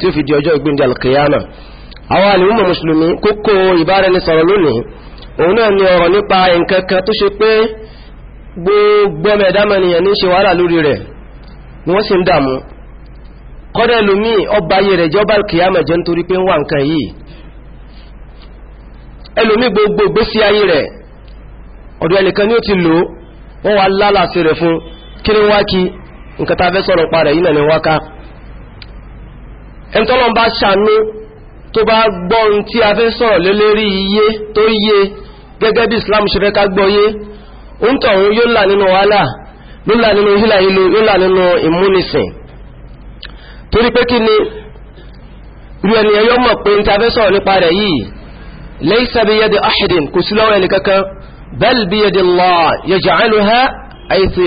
tí ó fi di ọjọ́ ìgbìndì alkiyama àwọn alìmọ̀ mùsùlùmí kókó ìbáraẹnisọ̀rọ̀ lónìí òun náà ni ọ̀rọ̀ nípa nkankan tó ṣe pé gbogbo mẹ́dámẹ́niyàn ní ṣe wàhálà lórí rẹ̀ wọ́n sì ń dàmú ọba rẹ̀ gbogbo gbésí ayé rẹ̀ ọ̀dọ̀ ẹnìkan ni fún kí ni wá kí ni ẹntọ́lọ́n bá ṣàánú tó bá gbọ́n tí a fẹ́ sọ̀rọ̀ lélérí iye tó yé gẹ́gẹ́ bí Islam ṣe fẹ́ ká gbọ́yé ń tọ̀hún yóò là nínú wàhálà ló là nínú hílà ìlú yóò là nínú ìmúnisìn torí pé kí ni irú ẹni ẹyọ mọ̀ pé tí a fẹ́ sọ̀rọ̀ nípa rẹ̀ yìí laysa biyadi ahadin kò sí lọ́wọ́ ẹni kankan bal biyadi Allah yaj'aluha aythu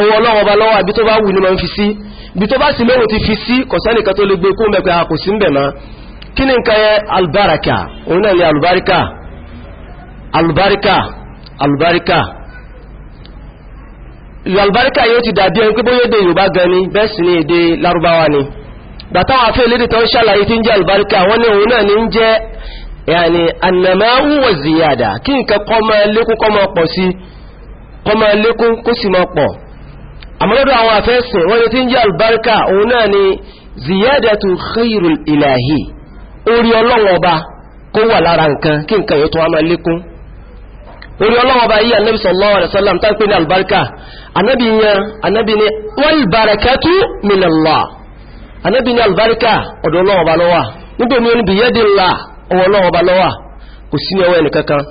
ọwọ́ ọlọ́run ọba lọ́wọ́ àbí tó bá wù ní ma ń fi sí bí tó bá sì lóhun ti fi sí kọ̀sẹ́nìkan tó lè gbé kún mẹ́pẹ́ àkò sí mbẹ̀ kí ni nǹkan yẹ albaraka òun náà albarika albarika albarika ìlú albarika yóò ti dàbí ẹni pé bóyá èdè yorùbá gan ni bẹ́ẹ̀ sì ni èdè lárúbáwá ni bàtàwọn afẹ́ ìlédè tó ń ṣàlàyé tí ń jẹ́ albarika wọ́n ní òun náà ni ń jẹ́ yàní annamáwù wà ziyada kí nǹkan kọ́ máa lékún kọ́ máa pọ̀ sí kọ́ máa lékún kó sì máa pọ̀ àmọ́lọ́dọ̀ àwọn afẹ́sẹ̀ wọ́n ni tí ń jẹ́ albarka òun náà ni ziyadatu khairul ilahi orí ọlọ́wọ́ ọba kó wà lára nǹkan kí nǹkan yóò tó wá máa lékún orí ọlọ́wọ́ ọba yìí anabi sallallahu alaihi wasallam tá ń pè ní albarka anabi yan anabi ni wal barakatu minallah anabi ni albarka ọ̀dọ̀ ọlọ́wọ́ ọba ló wà níbo ni ó ní biyadillah ọwọ́ ọlọ́wọ́ ọba ló kò sí ní ọwọ́ ẹnì kankan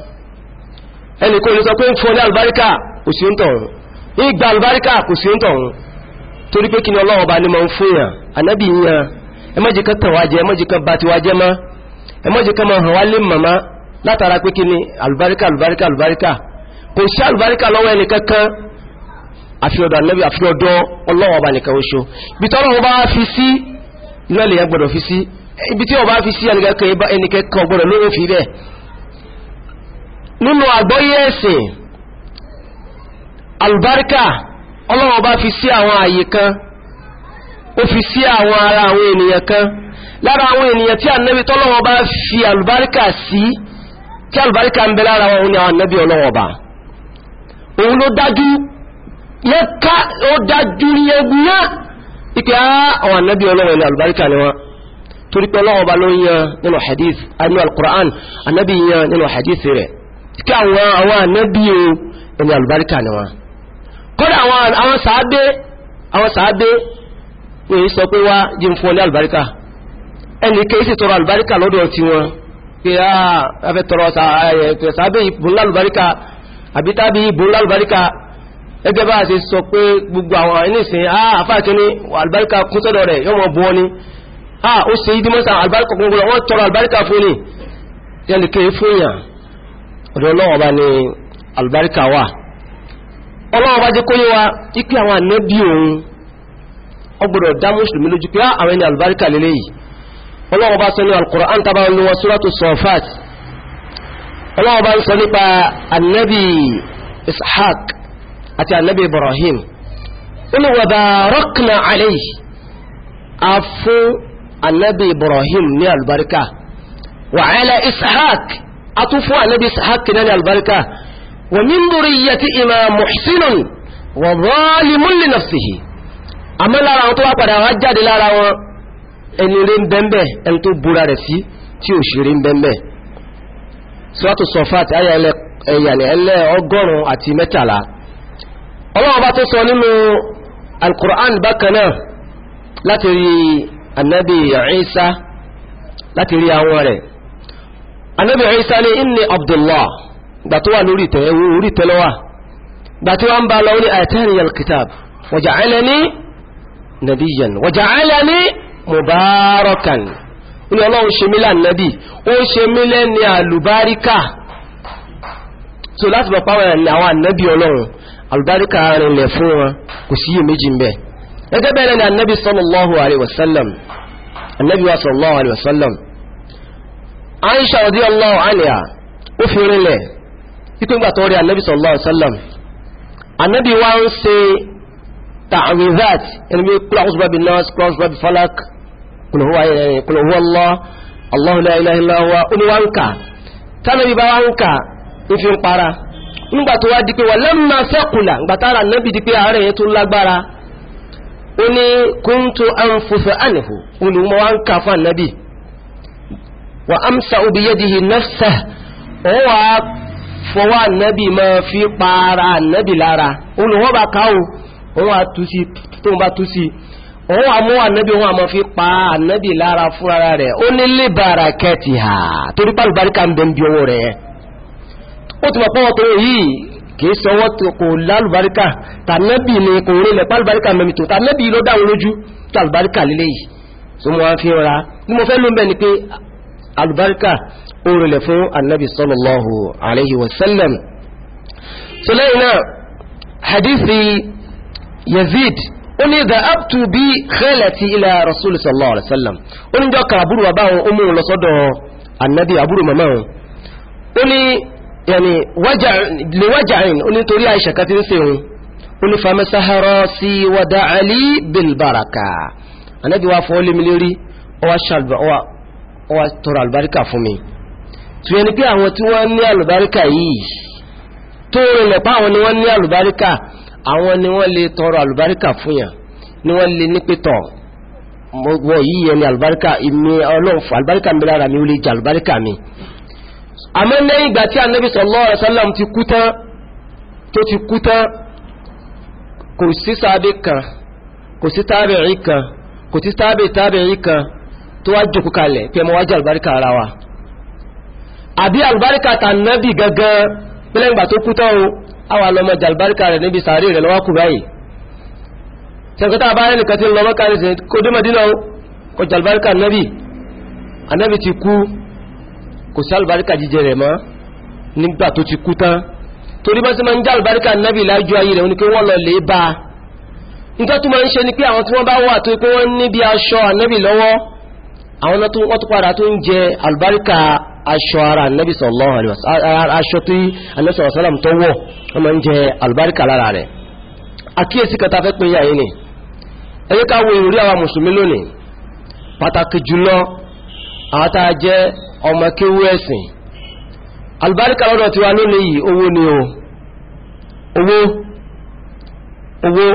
ẹnì kò lè sọ pé ń fọ ní albarka kò sí ń tọ̀run ìgbà àlùbáríkà kò sí ń tọ̀hún torí pé kí ni ọlọ́wọ́ bá ní mọ́ ń fúnyàn anábì yíyan ẹmọ́jìkan tàn wájẹ ẹmọ́jìkan bá ti wájẹ mọ́ ẹmọ́jìkan mọ́ hàn wá lé màmá látara pé kí ni àlùbáríkà àlùbáríkà àlùbáríkà kò sí àlùbáríkà lọ́wọ́ ẹni kankan àfiọ̀dọ̀ anábì àfiọ̀dọ̀ nínú àgbọ́yé ẹ̀sìn albarka ọlọ́wọ́ bá fi sí àwọn àyè kan ó fi sí àwọn ara àwọn ènìyàn kan lára àwọn ènìyàn tí ànábì tọ́lọ́wọ́ bá fi albarka sí tí albarka ń bẹ lára wọn ni àwọn ànábì ọlọ́wọ́ bá òun ló dájú lẹ́ka ó dájú yẹgbúnyá ìpé àwọn ànábì ọlọ́wọ́ ilẹ̀ albarka ni albarka ni wọn kódà àwọn sàábé àwọn sàábé pé sọ pé wá jí ń fún ọ ní àlùbáríkà ẹnì kìí sì tọrọ àlùbáríkà lọ́dọ̀ ti wọn pé afẹ́ tọrọ sàábé ìbùn lálùbáríkà àbí tábí ìbùn lálùbáríkà ẹgbẹ́ bá ṣe sọ pé gbogbo àwọn ẹnìsìn àfáàkíní àlùbáríkà kún sọ́dọ̀ rẹ̀ yọmọ bọ́ ni ó ṣe ìdímọ́sà wọn ni ẹnì kìí fún yàn ọlọ́wọ́ bá jẹ́ kó yíwa ipé àwọn ànẹ́bí òun ọgbọ̀dọ̀ dá mùsùlùmí lójú pé ah, àwọn ẹni àlùbáríkà lélẹ́ yìí ọlọ́wọ́ bá sọ ní Al-Qur'an tàbá ń lọ Suratu Safat ọlọ́wọ́ bá ń sọ nípa ànẹ́bí Ishaq àti ànẹ́bí Ibrahim olùwà barakna ومن ذريتهما محسن وظالم لنفسه àmọ́ lára àwọn tó wá padà wá jáde lára wọn ẹni rẹ̀ ń bẹ́m̀bẹ̀ ẹni tó búra rẹ̀ sí tí ò ṣe rẹ̀ ń bẹ́m̀bẹ̀ Suratu Safat ayẹ̀lẹ̀ ẹlẹ́ ọgọ́rùn àti mẹ́tàlá ọlọ́wọ́ bá tó sọ nínú Al-Qur'an bákan náà láti rí Ànábì Isa láti rí àwọn rẹ̀ Ànábì Isa ní inni Abdullah gbà tó wà lórí ìtẹ́ ẹwú orí ìtẹ́ lọ́wà gbà tí wọ́n ń bá lọ ní àtẹ́rin alkitab waja'alani nabiyyan waja'alani mubarakan ní ọlọ́run ṣe mílà nàbí ó ṣe mílẹ̀ ní àlùbáríkà so láti bọ̀ pàwọn àwọn ànábì ọlọ́run àlùbáríkà rinlẹ̀ fún wọn kò sí iyèméjì ń bẹ gẹ́gẹ́ bẹ́ẹ̀ ni ànábì sallallahu alaihi wasallam ànábì wa sallallahu alaihi wasallam Aisha radiyallahu anha pípé gbà tó rí anabi sallallahu alaihi wasallam anabi wa ń ṣe ta'awizat ẹni bí kúlọ̀ ọ̀sùn bàbí nas kúlọ̀ ọ̀sùn bàbí falak kúlọ̀ huwa ẹ̀yìn kúlọ̀ huwa allah allahu la ilaha illa huwa oníwáńkà tánàbí bá wáńkà ń fi ń para nígbà tó wá di pé wà lẹ́mà fọwọ́ ànábì ma fi para ànábì lára olùwọ́n bá káwò òun àtúsí tó ń bá túsí òun àmú ànábì òun àmọ́ fi pa ànábì lára fún ara rẹ̀ ó ní lè bàrà kẹtì hà torí pàlùbáríkà ń bẹ ń bí ọwọ́ rẹ̀ ó ti mọ̀ pọ́wọ́ tó yìí kìí sọwọ́ ni kò rí lẹ̀ pàlùbáríkà mẹ́mi tó tànábì ló dáwọn lójú tó àlùbáríkà lélẹ́yìí tó mọ́ wá orinlẹ̀ fún annabi sallallahu alaihi wasallam so lẹ́yìn náà hadithi yazid ó ní ìdá abtu bí khalati ila rasul sallallahu alaihi wasallam ó ní jọ́ka àbúrò àbáwọn omi lọ sọ́dọ̀ annabi àbúrò mama wọn ó ní yàní lè wájàrin ó ní torí àìṣà kan ti ń se wọn ó ní famasahara sí wàdà alí bilbaraka annabi wa fọ́ lémi lérí ọwá tọrọ albarika fún mi tùyẹn ni pé àwọn tí wọ́n ní àlùbáríkà yìí tó rìnlẹ̀ pa àwọn ni wọ́n ní àlùbáríkà àwọn ni wọ́n lè tọrọ àlùbáríkà fún yàn ni wọ́n lè nípìtọ̀ wọ yìí yẹn ni àlùbáríkà ìmí ọlọ́ọ̀fọ̀ àlùbáríkà mi lára mi ó lè jẹ àlùbáríkà mi àmọ́ lẹ́yìn ìgbà tí Ànábì sallallahu alaihi wasallam ti kú tán tó ti kú tán kò sí sáábé kan kò sí tábìrì kan kò sí tábìrì tábìrì kan tó wá jòkó kalẹ̀ pé ọmọ wájú àlùbáríkà ara wa àbí àlùbáríkà tànàbì gangan pẹ́lẹ́gbà tó kútọ́ o àwọn alọ́mọjà àlùbáríkà rẹ̀ níbi sàárè rẹ̀ lọ́wọ́ kù báyìí tẹ́kọ̀tà àbáyé nìkan tí ń lọ mọ́ká ní sẹ́yìn kó démọ̀dínà o kò jẹ àlùbáríkà ànábì ànábì ti kú kò sí àlùbáríkà jíjẹ rẹ̀ mọ́ nígbà tó ti kú tán torí bá sí máa ń jẹ́ àlùbáríkà ànábì lájú ayé rẹ̀ ní pé wọ́n lọ lè bá a nígbà tó máa ń ṣe ni pé àwọn tí wọ́n bá wà tó pé wọ́n níbi aṣọ ànábì lọ́wọ́ àwọn náà wọ́n tó padà tó ń jẹ àlùbáríkà aṣọ ara annabi sallallahu alaihi wasallam aṣọ tí annabi sallallahu alaihi wasallam tó wọ̀ ọmọ ń jẹ albarka lára rẹ̀ àkíyèsí kan tá fẹ́ pín yàyí ni ẹ jẹ́ ká wo ìrírí àwọn mùsùlùmí lónìí pàtàkì jùlọ àwọn tá a jẹ́ ọmọ kéwú ẹ̀sìn albarka lọ́dọ̀ tiwa lónìí yìí owó ni o owó owó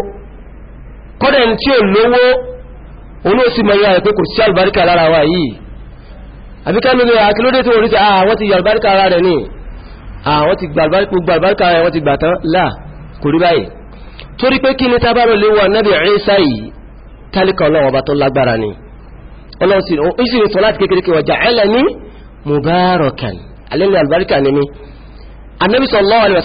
kọ́dẹ̀ tí ò lówó olóòsì mọ̀ yá ẹ̀ kò sí albarka lára wa yìí àbí ká lórí àkílódé tí wọ́n rí pé àwọn ti yàlbáríkà ara rẹ̀ ní àwọn ti gbàlbáríkà ara wọ́n ti gbà tán láà kò rí báyìí torí pé kí ni tábàrò lè wọ nábì Ìsá yìí tálíkà ọlọ́wọ́ bá tó lágbára ni ọlọ́run sọ láti kékeré kí wa ja'alani mubarakan alẹ́ni àlbáríkà ni mi anábì sallallahu alaihi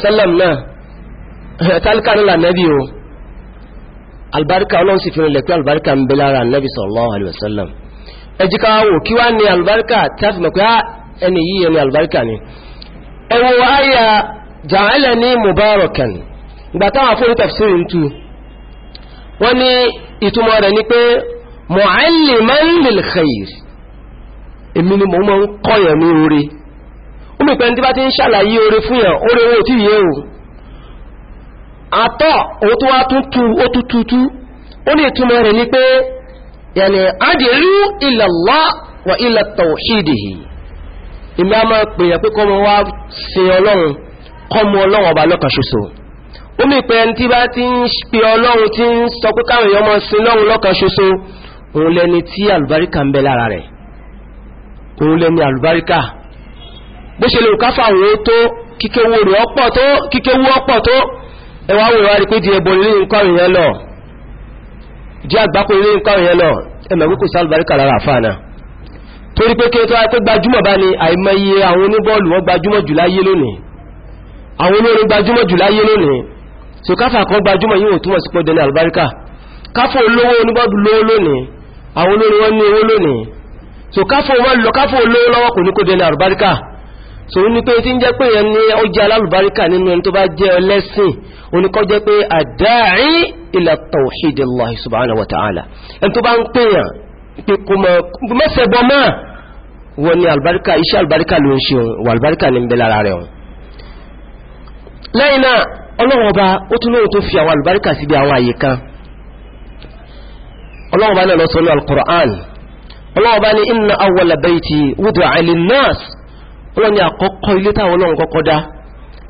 wasallam náà ẹjíká wò kí wá ní albarka tàbí mọ̀ pé ah, ẹni yíyẹ ní albarka ni ẹwọ ayà jàálẹ̀ ní mubarakan ìgbà táwọn fún tafsiri tú wọ́n ní ìtumọ̀ rẹ̀ ní pé mu'alliman lil àtọ́ òun wá tútù ó tútù tú ó ní ìtumọ̀ rẹ̀ ní pé yẹni adìrú ila Allah wa ila tawhidihi ìmí a máa pèèyàn pé kọ́mọ wá sin ọlọ́run kọ́mọ ọlọ́run ọba lọ́kan ṣoṣo ó mi pé ẹni tí bá ti ń pe ọlọ́run tí ń sọ pé káwọn èèyàn máa sin ọlọ́run lọ́kan ṣoṣo òun lẹni tí àlùbáríkà ń bẹ lára rẹ̀ òun lẹni àlùbáríkà bó ṣe lè rò káfà àwọn ó tó kíkéwó ọ̀pọ̀ tó ẹwà wòwá rí pé di ẹbọ nínú nǹkan ìyẹn lọ jẹ́ àgbákò ilé nǹkan yẹn náà ẹmọ̀ pé kò sí alùbáríkà lára àfáànà torí pé kéèkéé wáyé pé gbajúmọ̀ bá ní àìmọye àwọn oníbọ́ọ̀lù wọn gbajúmọ̀ jù láyé lónìí àwọn olórin gbajúmọ̀ jù láyé lónìí so káfà kan gbajúmọ̀ yíò túnmọ̀ sí pọ́dẹ̀ ní alùbáríkà káfà olówó oníbọ́ọ̀lù lówó lónìí àwọn olórin wọn ní owó lónìí so káfà olówó lọ́wọ́ kò ní kó dẹ̀ ní alùbáríkà so ní pé tí ń jẹ́ pé ẹni ó jẹ́ alálùbáríkà nínú ẹni tó bá jẹ́ ẹlẹ́sìn oníkọ́ jẹ́ pé àdáàrín ila tawhidillahi subhanahu wa ta'ala ẹn tó bá ń pèèyàn pé kò mọ̀ mẹ́sẹ̀bọ máa wọ́n ni albarka iṣẹ́ albarka ló ń ṣe wà albarka ní bẹ lára rẹ̀ wọn lẹ́yìn náà ọlọ́wọ́ bá ó tún lóòótọ́ fi àwọn albarka sí bí àwọn àyè kan ọlọ́wọ́ bá náà lọ sọ́nà al ọlọ́wọ́ bá ní inna awwala bayti wudi'a lin-nas ọlọ́ni àkọ́kọ́ ilé táwọn ọlọ́run kọ́kọ́ dá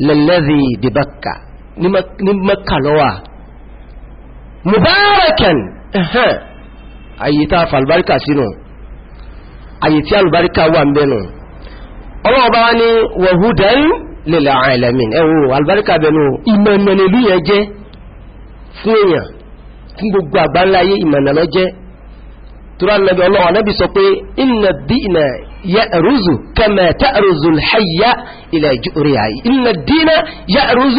lalladhi bi ní Makka ló mubarakan ẹ̀hẹ́n ayé tá a fa albarka sínú ayé tí albarka wà ń bẹnu ọlọ́ọ̀bá wá ní wahudan lil alamin ẹ̀wọ̀ albarka bẹnu ìmọ̀nàlélú yẹn jẹ́ fún èèyàn fún gbogbo àgbáńláyé ìmọ̀nàlọ́ jẹ́ tó rá nàbí ọlọ́wọ́ sọ pé inna dina يأرز كما تأرز الحية إلى جؤرها إن الدين يأرز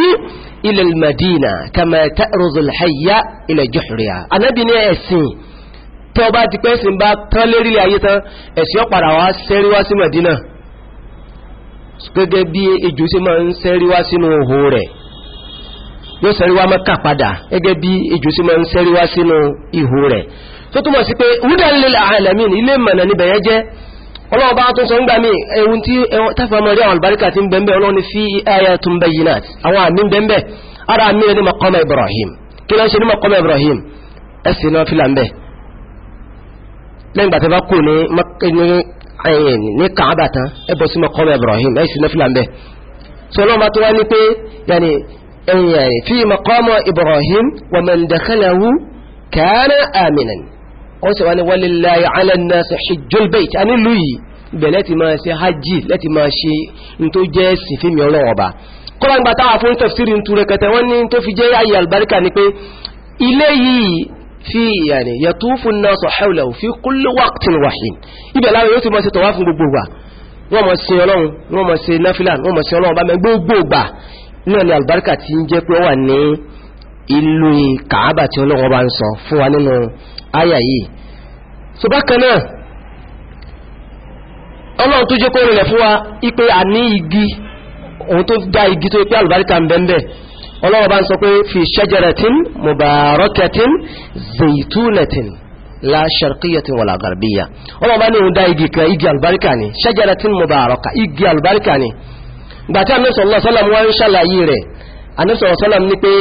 إلى المدينة كما تأرز الحية إلى جحرها Ànábì ní ẹ̀sìn tó bá ti pẹ́ sin bá tán lérí ayé tán ẹ̀sìn ó padà wá sẹ́rí wá sí Mẹ̀dínà gẹ́gẹ́ bí ejò ṣe máa ń sẹ́rí wá sínú ihò rẹ̀ yóò sẹ́rí wá Mẹ́kà padà gẹ́gẹ́ bí ejò ṣe máa ń sẹ́rí wá sínú ihò rẹ̀ tó túmọ̀ sí pé hudan lil alamin ilé mọ̀nà níbẹ̀yẹ jẹ́ ọlọ́wọ́ bá tó sọ ń gbà mí ẹ̀hun tí tàfà mọ̀ rí àwọn albarka ti ń bẹ̀m̀bẹ̀ ọlọ́ni fi ayatun bayyinat àwọn àmì bẹ̀m̀bẹ̀ ara àmì rẹ̀ ní makọ́mọ̀ ibrahim kí lọ́n ṣe ní makọ́mọ̀ ibrahim ẹ̀sìn náà fi làmbẹ̀ lẹ́yìn gbàtẹ́ bá kú ní kàábà tán ẹbọ̀ sí makọ́mọ̀ wọ́n sì wá ní walillahi ala nnasi hijjul bayt a nílùú yìí ibẹ̀ lẹ́ti máa ṣe hajj lẹ́ti máa ṣe in tó jẹ́ ẹ̀sìn fíìmì ọlọ́run ọba kọ́lá nígbà táwà fún tafsiri ń túrẹ kẹtẹ wọ́n ní tó fi jẹ́ ayé albarika ni pé ilé yìí fi yani yatufu nnasu hawlahu fi kulli waqtin wahid ibẹ̀ láwọn yóò ti fún náà ni albarika ti tí ọlọ́run bá ń sọ fún wa nínú àyà yìí so bákan náà ọlọ́run tó jẹ́ kó rẹ̀ fún wa ipé àní igi ohun tó dá igi tó pé àlùbáríkà ń bẹ́ẹ̀ ọlọ́run bá ń sọ pé fi shajaratin mubarakatin zaitunatin la sharqiyatin wala garbiya ọlọ́run bá ní òun dá igi kan igi àlùbáríkà ni shajaratin mubaraka igi àlùbáríkà ni gbàtí àmì sọ̀rọ̀ ń ṣàlàyé rẹ̀ àmì ní pé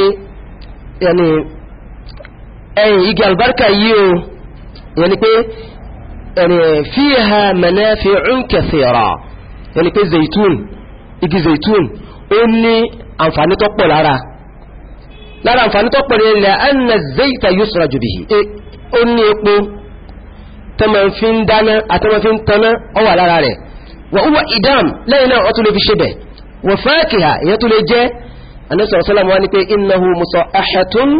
ẹ̀yìn igi albarka yìí o yẹn ni pé fiha manafi'un kathira yẹn ni pé zaitun igi zaitun ó ní àǹfààní tó pọ̀ lára lára àǹfààní tó pọ̀ nílẹ̀ anna zaita yusraju bihi e, ó ní epo tọ́mọ̀ fi ń dáná àtọ́mọ̀ fi ń taná ó wà lára rẹ̀ wa huwa idam lẹ́yìn náà ó tún lè fi ṣe bẹ̀ wa fakiha ìyẹn tún lè jẹ́ anẹ́sọ̀ sọ́lọ́mù wá ní pé innahu musa ahetun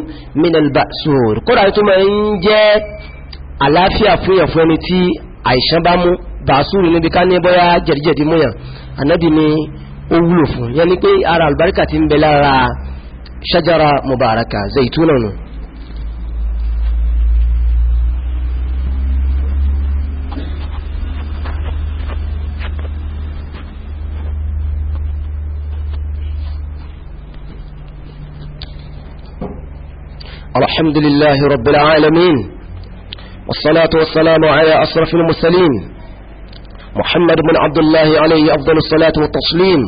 minalba sóòrò kódà tó ma ń jẹ́ àlàáfíà fún ẹ̀fún ẹni tí àìsàn bá mú bàásùrù níbi ká ní bọ́yá jẹ̀díjẹ̀dí múyàn anábì ni ó wúlò fún yẹn ni pé ara albarka ti ń bẹ lára ṣájára mubaraka zaituna الحمد لله رب العالمين والصلاة والسلام على أشرف المرسلين محمد بن عبد الله عليه أفضل الصلاة والتسليم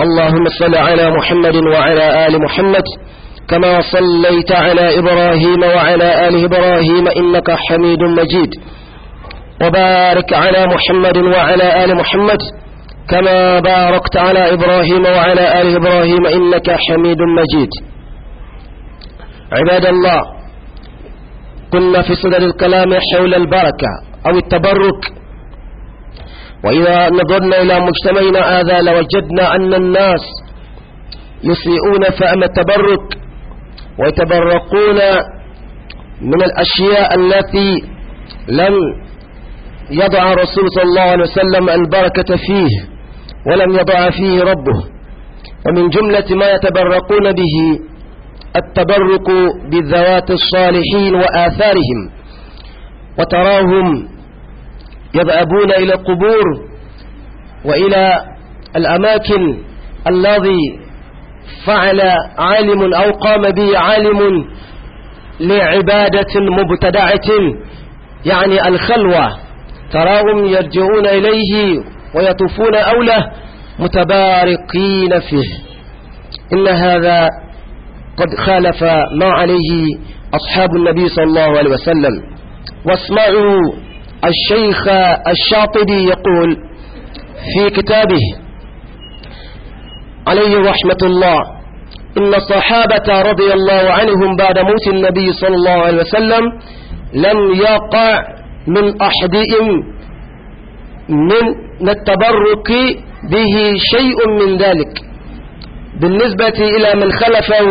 اللهم صل على محمد وعلى آل محمد كما صليت على إبراهيم وعلى آل إبراهيم إنك حميد مجيد وبارك على محمد وعلى آل محمد كما باركت على إبراهيم وعلى آل إبراهيم إنك حميد مجيد عباد الله كنا في صدر الكلام حول البركة أو التبرك وإذا نظرنا إلى مجتمعنا هذا لوجدنا أن الناس يسيئون فأم التبرك ويتبرقون من الأشياء التي لم يضع رسول صلى الله عليه وسلم البركة فيه ولم يضع فيه ربه ومن جملة ما يتبرقون به التبرك بالذوات الصالحين وآثارهم وتراهم يذهبون إلى القبور وإلى الأماكن الذي فعل عالم أو قام به عالم لعبادة مبتدعة يعني الخلوة تراهم يرجعون إليه ويطوفون أوله متباركين فيه إن هذا قد خالف ما عليه أصحاب النبي صلى الله عليه وسلم واسمعوا الشيخ الشاطبي يقول في كتابه عليه رحمة الله إن الصحابة رضي الله عنهم بعد موت النبي صلى الله عليه وسلم لم يقع من أحدهم من التبرك به شيء من ذلك بالنسبة إلى من خلفه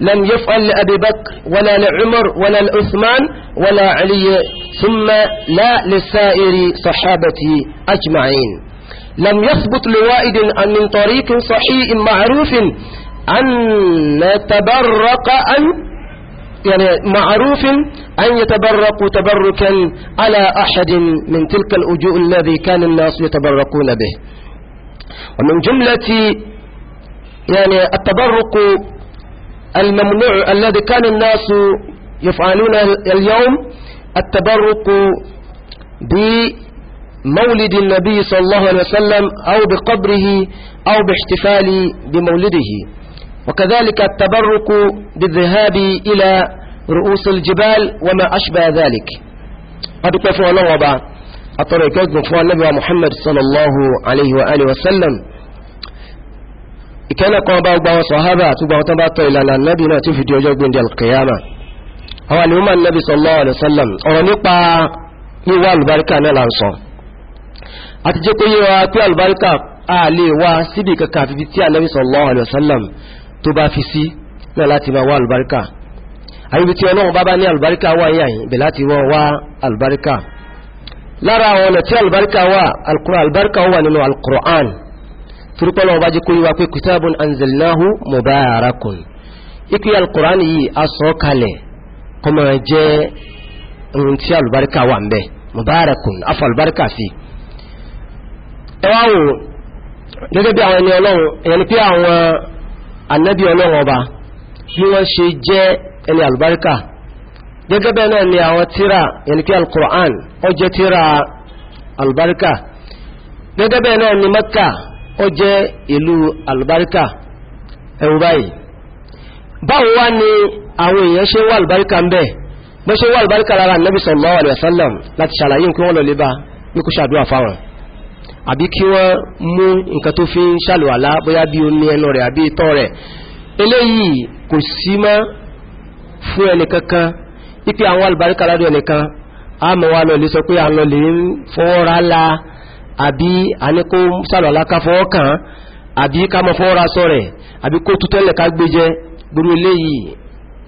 لم يفعل لأبي بكر ولا لعمر ولا لعثمان ولا علي ثم لا لسائر صحابتي أجمعين لم يثبت لوائد أن من طريق صحيح معروف أن نتبرق أن يعني معروف أن يتبرق تبركا على أحد من تلك الوجوه الذي كان الناس يتبرقون به ومن جملة يعني التبرق الممنوع الذي كان الناس يفعلون اليوم التبرق بمولد النبي صلى الله عليه وسلم أو بقبره أو باحتفال بمولده وكذلك التبرك بالذهاب إلى رؤوس الجبال وما أشبه ذلك قد كفوا الله وبعد أطرق يجب النبي محمد صلى الله عليه وآله وسلم ìkẹ́lẹ̀ kan bá gba wọn sọ̀hábà tó gba wọn tán bá tọ ìlànà nẹ́bì náà tí fi di ọjọ́ gbìndì alkiyama àwọn àlèmọ́ nẹ́bì sallallahu alaihi wasallam ọ̀rọ̀ nípa wíwá alùbáríkà náà láǹsọ̀ àti jẹ́ pé yíwa pé alùbáríkà a lè wá síbi kankan àfi tí ànẹ́bì sallallahu alaihi wasallam lára àwọn ọ̀nà tí alùbáríkà wà alùbáríkà wà nínú alùkùrọ̀án turukọlọ ọba jẹ́ kó yíwa pé kitabun anzalnahu mubarakun ikú alquran yìí a sọ kalẹ̀ kó máa jẹ́ ohun tí alubarika wà ń bẹ mubarakun afọ alubarika fi ẹwà wò gẹ́gẹ́ bí àwọn ẹni ọlọ́run èyàn ni pé àwọn ànábì ọlọ́run ọba bí wọ́n ṣe jẹ́ ẹni alubarika gẹ́gẹ́ bẹ́ẹ̀ náà ni àwọn tíra èyàn ni pé alquran ó jẹ́ tíra alubarika gẹ́gẹ́ bẹ́ẹ̀ náà ni mẹ́kà ó jẹ́ ìlú albarika ẹ̀wù báyìí báwo wá ni àwọn èèyàn ṣe wà albarika ń bẹ̀ bọ́ ṣe wà albarika lára nabi sallallahu alaihi wasallam láti ṣàlàyé nǹkan wọn lọ lè bá ní kó ṣàdúrà fáwọn àbí kí wọ́n mú nǹkan tó fi ń ṣàlùwàlá bóyá àwọn albarika ládùn ẹnìkan a mọ̀ wá lọ lè sọ pé à lọ lè ń fọwọ́ rálá àbí a ní kó sàlọ̀lá ká fọwọ́ kàn àbí ká mọ́ fọ́ ra sọ rẹ̀ àbí kó tútẹ́lẹ̀ ká gbé jẹ gbogbo eléyìí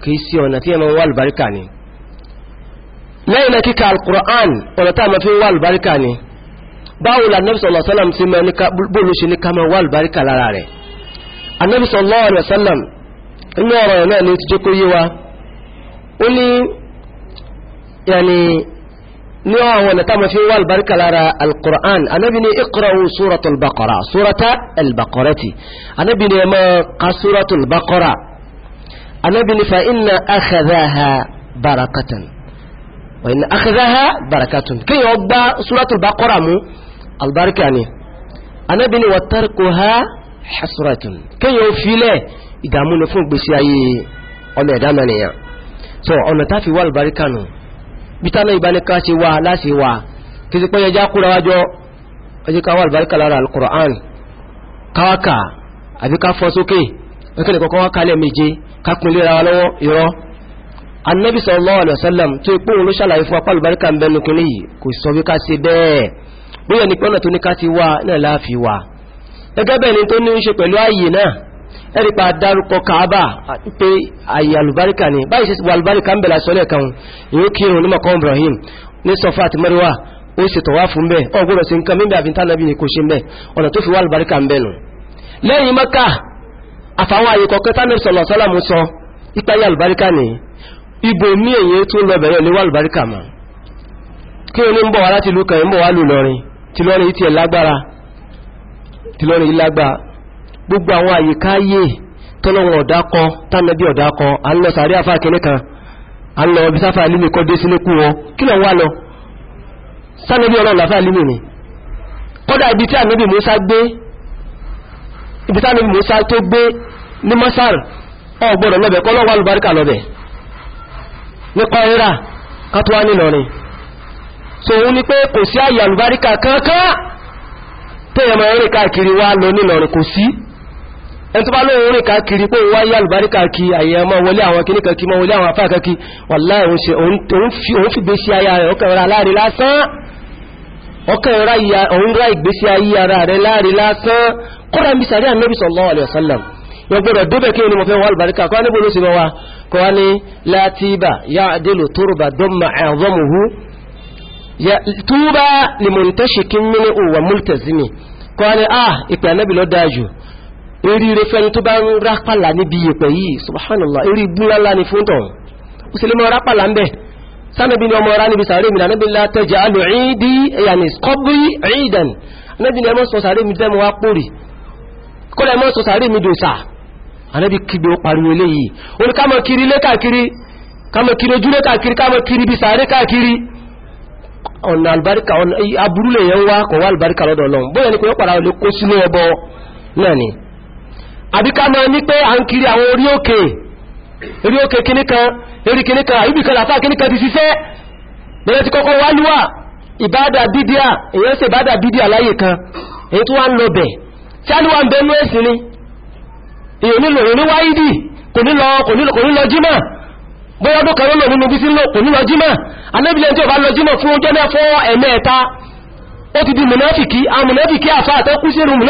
kìí sí ọ̀nà tí ẹmọ wà lùbáríkà ni lẹ́yìn náà kíkà al-Qur'an ọ̀nà tí a mọ́ fi wà lùbáríkà ni báwo la Nabi sallallahu alaihi wasallam ti mọ́ bóòlù ṣe ní ní àwọn ọ̀nà táwọn fi wà albarka lára alkur'an anábi ni ikra'u suratul baqara surata albakorati anábi ni ma ka suratul baqara anábi ni fa inna akhadhaha barakatan wa inna akhadhaha barakatun kí yóò gba suratul baqara mu albarka ni anábi ni wa tarkuha hasratun kí yóò filẹ̀ ìdààmú ni fún gbèsè ayé ọmọ ẹ̀dá mẹ́rin yẹn so ọ̀nà táfi wà albarka nù no bitana ibanika ṣe wà láṣe wà kí sí pé ẹjá kúra wájọ́ ẹjẹ́ ká wà albáríkà lára al-Qur'an kawaka àbí ká fọ́ sókè ẹkẹ́lẹ̀ kọ́kọ́ wá kálẹ̀ méje kápínlẹ̀ ra lọ́wọ́ ìrọ́ annabi sallallahu alaihi wasallam tó ipò òun ló ṣàlàyé fún apá albáríkà ń bẹnu kìíní yìí kò sọ bí ká ṣe bẹ́ẹ̀ bóyá ní pọ́nà tó ní ká ti wà náà láàfi wà ni tó ní í ṣe ẹ̀rípa dárúkọ káàbà pé àyè alùbáríkà ni báyìí ṣe wà alùbáríkà ń bẹ̀rẹ̀ àṣọlẹ̀ kan yóò kírun ní mọ̀kọ́ Ibrahim ní sọfà àti mẹ́rìwá ó sì tọ̀wá fún bẹ́ẹ̀ ọgbọ́dọ̀ sí nǹkan mímẹ́ àfi tánàbí ni kò ṣe bẹ́ẹ̀ ọ̀nà tó fi wà alùbáríkà ń bẹ̀ nù lẹ́yìn Mẹ́kà àfàwọn àyè kọ̀ọ̀kan tánàbí sọ̀lọ̀ sọ́làmù sọ ipa yà alùbáríkà ni gbogbo àwọn àyíká yé tọ́lọ́wọ̀n ọ̀dákọ tánàbí ọ̀dákọ a ń lọ sàárì àfá kìíní kan a ń lọ ọbí sáfà alími kọ́ dé sílé kú wọn kí lọ wá lọ sánàbí ọlọ́run láfà alími ni kọ́dà ibi tí ànábì Musa gbé ibi tí ànábì Musa so òun ni pé kò sí àyè alùbáríkà kankan tó yẹ mọ̀ káàkiri wá lọ nílọrin kò sí ẹn tó bá lóòrùn rìn káàkiri pé wá yá àlùbáríkà kí àyẹ ọmọ wọlé àwọn kíníkan kí mọ́ wọlé àwọn afẹ́ẹ̀kẹ́ kí wàláì òun fi gbésí ayá rẹ̀ ọkàn rẹ̀ aláàrí lásán ọkàn rẹ̀ ìgbésí ayé ara rẹ̀ láàrí lásán kọ́dà ń bí sàrí àmì sallallahu alaihi wasallam wọ́n gbọ́dọ̀ débẹ̀ kí ni mo fẹ́ wà àlùbáríkà kọ́ níbo ló sì mọ́ wa kọ́ wá ní látìbà eríire fẹ́ni tó bá ń rápàlà níbi ìpẹ̀ yìí subhanallah erí gbúnlá ní fún tọ̀hún ó sì lè mọ́ rápàlà ń bẹ̀ sánàbí ni ọmọ ọ̀rá níbi sàárè mi lànàbí látẹjà alò ìdí ẹ̀yàní kọ́bí ìdàn anábì ni ẹmọ́ sọ sàárè mi dẹ́mọ́ wá pòrì kọ́lẹ̀ ẹmọ́ sọ sàárè mi dòsà anábì kígbe ó pariwo eléyìí ó ní kámọ́ kiri kiri ojúlé kiri ibi sàárè káàkiri ọ̀nà àlùbáríkà ọ̀nà aburú lè yẹn wá kọ̀ wá àlùbáríkà lọ́dọ̀ ọlọ́run bóyá ni kò yọ pàrà lè sínú ẹbọ náà ni àbí ká máa ní pé à ń kiri àwọn orí òkè orí òkè kíníkan orí kíníkan àyíbìkan làfá ti ṣiṣẹ́ bẹ̀rẹ̀ ti kọ́kọ́ wálúwà ìbádà bídíà èyàn sì ìbádà bídíà kan èyí tó wá ń lọ bẹ̀ tí a níwà ń bẹ̀ ni èyàn nílò èyàn níwá ìdí kò nílọ kò nílọ kò nílọ jímọ̀ bóyá ọdún kan lọ nínú bí sí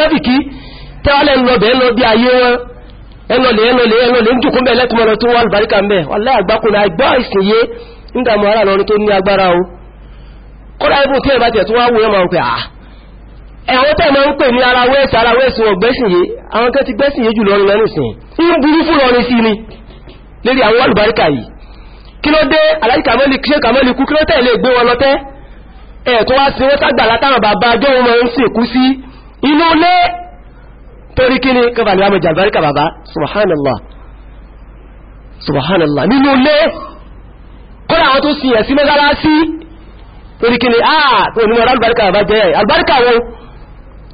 kò nílọ tẹ́wàlẹ̀ ń lọ bẹ̀ẹ́ lọ bí ayé wọn ẹlọ́lẹ̀ ẹlọ́lẹ̀ ẹlọ́lẹ̀ ń jùkún bẹ̀ẹ́ lẹ́kùnmọ́ lọ tó wà lùbáríkà mẹ́ wàlẹ́ àgbákùnrin àgbá ìsìnyé ń dàmú ara lọ́rin tó ní agbára o kọ́lá ibùn tí ẹ̀bá tẹ̀ tó wá wò ẹ̀ máa ń pè à ah. ẹ̀wọ́n tẹ̀ máa ń pè ní ara wẹ́ẹ̀sì ara wẹ́ẹ̀sì wọn gbẹ́sìnyé àwọn kan ti gbẹ́sìnyé jù lọ́rin lẹ́nu sìn ń burú fún lọ́rin sí ni lérí àwọn alùbáríkà yìí kí ló dé aláì kàmọ́lì ṣe tó wá sí wọ́n sàgbà látàwọn bàbá ajọ́ wọn máa ń sìnkú sí inú lé torí kí ni kọba ni a mọ̀ jàlbáríkà bàbá subhanallah subhanallah nínú ilé kọ́lá àwọn tó sì ẹ̀sí mẹ́sàlásí torí kí ni àà onímọ̀ albarka bàbá jẹ́ albarka wọn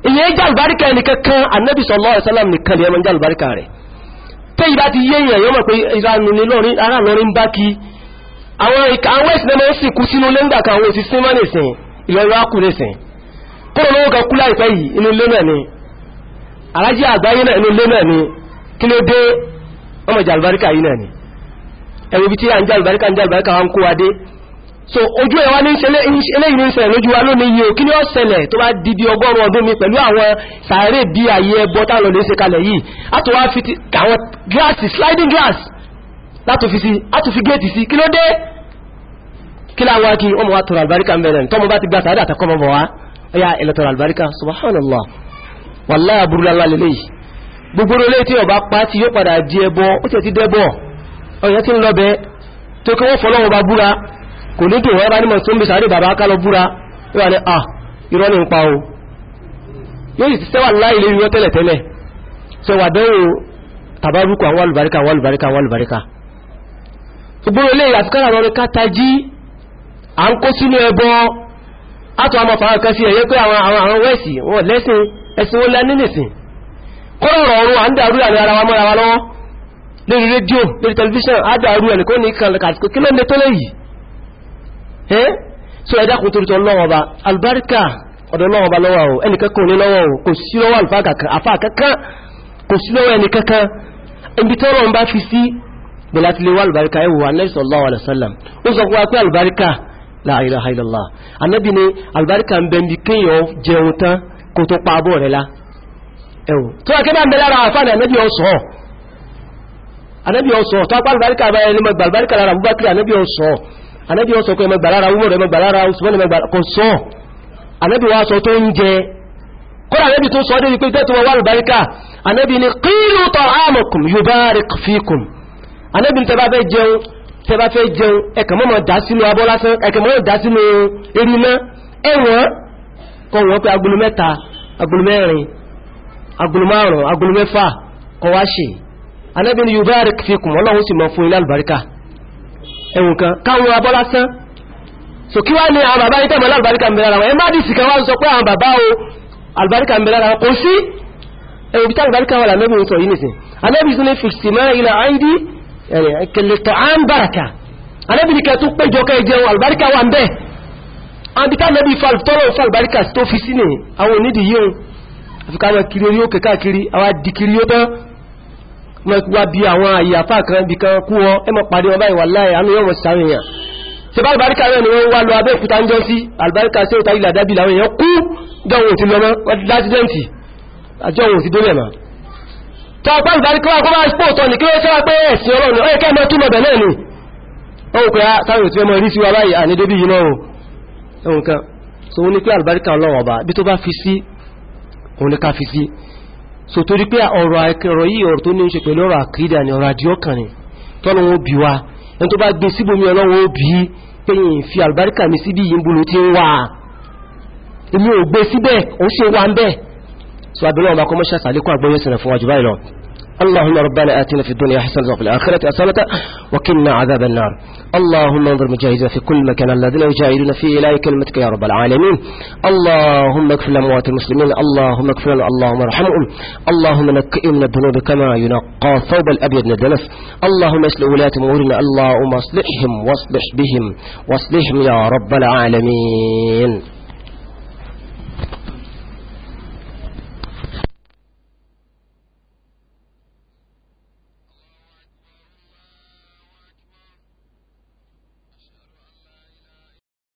ìyẹn jàlbáríkà ẹnìkankan annabi sallallahu alaihi wasallam nìkan ni ẹmọ jàlbáríkà rẹ̀ tẹ́ ìbá ti yé èèyàn yọ́mọ̀ pé ìranù ni lọ́rin ara lọ́rin alájí àgbáyé náà ní ilé náà ni kí ló dé ọmọ jàlùbáríkà yìí náà ni ẹ̀wọ̀n ibi tí à ń jàlùbáríkà ń jàlùbáríkà wa ń kó wa dé so ojú ẹ̀wà ní eléyìí ní ìṣẹ̀lẹ̀ lójú wa lónìí yìí o kí ni ó ṣẹlẹ̀ tó bá didi ọgọ́rùn ọdún mi pẹ̀lú àwọn sàárè bí sliding glass látò fi sí a tó fi géètì sí kí ló dé kí láwọn akí ọmọ wa tọrọ àlùbáríkà ń bẹ̀rẹ̀ tọ́mọ bá subhanallah wàláhì àbúrú lálá lélẹ́yìí gbogbo olóòlé tí ọba pa ti yóò padà di ẹbọ ó tẹ̀ ti dẹ́bọ̀ ọ̀yẹ́ tí ń lọ́bẹ̀ tó kí wọ́n fọ́lọ́wọ́ bá búra kò ní dùn wọ́n nímọ̀ pa o yóò sì sẹ́wà láì lè yọ tẹ́lẹ̀ tẹ́lẹ̀ sọ wà dẹ́wò tàbárùkù àwọn alùbáríkà àwọn alùbáríkà àwọn alùbáríkà gbogbo olóòlé àtikára lọ ká tají à ń kó sínú ẹbọ á tún àmọ́ sí ẹ̀yẹ́ pé àwọn wẹ́ẹ̀sì wọn lẹ́sìn ẹ̀sìn wọn lẹ́ní nìsìn kọ́rọ̀rọ̀ ọ̀run à ń dàrú àní ara wa mọ́ra wa lọ́wọ́ lórí rédíò lórí tẹlifíṣàn á dàrú ẹ̀ nìkan ní kàtìkò so ẹ̀dá kò torítọ̀ lọ́wọ́ albarika ọ̀dọ̀ lọ́wọ́ ọba lọ́wọ́ o ẹnìkan kò ní lọ́wọ́ o kò sí lọ́wọ́ àfà kankan kò sí lọ́wọ́ albarika ẹ̀wò anabi sallallahu alaihi wasallam ó sọ albarika la ilaha illallah anabi ni albarika ń bẹ́ndì kò tó pa abọ́ rẹ̀ la ẹ̀wò tó ẹkẹ́ bá ń bẹ lára àfáàdà ẹ̀nẹ́bí ọ̀sọ̀ anẹ́bí ọ̀sọ̀ tó apá àlùbáríkà bá ẹni mẹ́gbà àlùbáríkà lára abúbákiri anẹ́bí ọ̀sọ̀ anẹ́bí ọ̀sọ̀ kọ ẹmẹ́gbà lára umar ẹmẹ́gbà lára usman ẹmẹ́gbà kò sọ anẹ́bí wa sọ tó ń jẹ kọ́lá anẹ́bí tó sọ débi pé tẹ́tù wọn wà àlùbáríkà anẹ́bí ni kílù tọ̀ àmọ̀kùn yubarik fikum anẹ́bí tẹ́ bá fẹ́ kọ́ wọ́n pé agolo mẹ́ta agolo mẹ́rin agolo márùn agolo mẹ́fà kọ́ wá ṣe anábì ni yubarik fikum ọlọ́run sì mọ̀ fún ilé àlùbáríkà ẹ̀wùn kan káwọn abọ́ lásán so kí wá ní àwọn bàbá yìí tẹ̀mọ̀ àlùbáríkà ń bẹ lára wọn ẹ má dì sí kan wá sọ pé àwọn bàbá o àlùbáríkà ń bẹ lára wọn kò sí ẹ̀wùn bí táàlùbáríkà wà lànà ìwòsàn yìí nìsín anábì sí ní fìsìmọ́ ilẹ̀ àìdí kẹlẹ̀tọ̀ àǹbàràkà anábì ní kẹtù péjọ kẹjẹun àlùbáríkà wà ń bẹ́ẹ̀ àbíká nẹ́bí tọ́lọ̀ fún ìbáríkà tó fi sínú àwọn onídìí yíò àfikà mọ̀ kiri orí òkè káàkiri àwọn adìkiri ó tán wá bí àwọn àyè àfá kan bí kan kú wọn ẹmọ pàdé wọn báyìí wà láì àánú yọ́mọ̀ sáré ni wọ́n wá lọ abẹ́ òkúta ń jọ sí àlùbáríkà sí òtà ilẹ̀ àdábì làwọn èèyàn kú jọun òtí lọ mọ́ lásìdẹ́ǹtì àjọun òtí délẹ̀ mọ́ tọ́ bá àlùbáríkà wà kó bá pò ni ó kẹ́ sáré òtí ọmọ rí sí wa báyìí ẹ̀wọ̀n kan so ó ní pé àlùbáríkà ọlọ́run ọba bí tó bá fi sí òun ní ká fi sí so torí pé ọ̀rọ̀ ẹ̀kẹ̀rọ̀ yìí ọ̀rọ̀ tó ní ṣe pẹ̀lú ọ̀rọ̀ àkídà ni ọ̀rọ̀ àdíọ́kàn ni tọ́nà bí wa ẹni tó bá gbé síbòmí ọlọ́run ó bí pé yìí fi اللهم ربنا آتنا في الدنيا حسنة وفي الآخرة حسنة وقنا عذاب النار اللهم انظر مجاهدنا في كل مكان الذين يجاهدون في إلى كلمتك يا رب العالمين اللهم اكفر لأموات المسلمين اللهم اكفر اللهم ارحمهم اللهم نقئ من الذنوب كما ينقى ثوب الأبيض من الدنس اللهم اصلح ولاة أمورنا اللهم اصلحهم واصلح بهم واصلحهم يا رب العالمين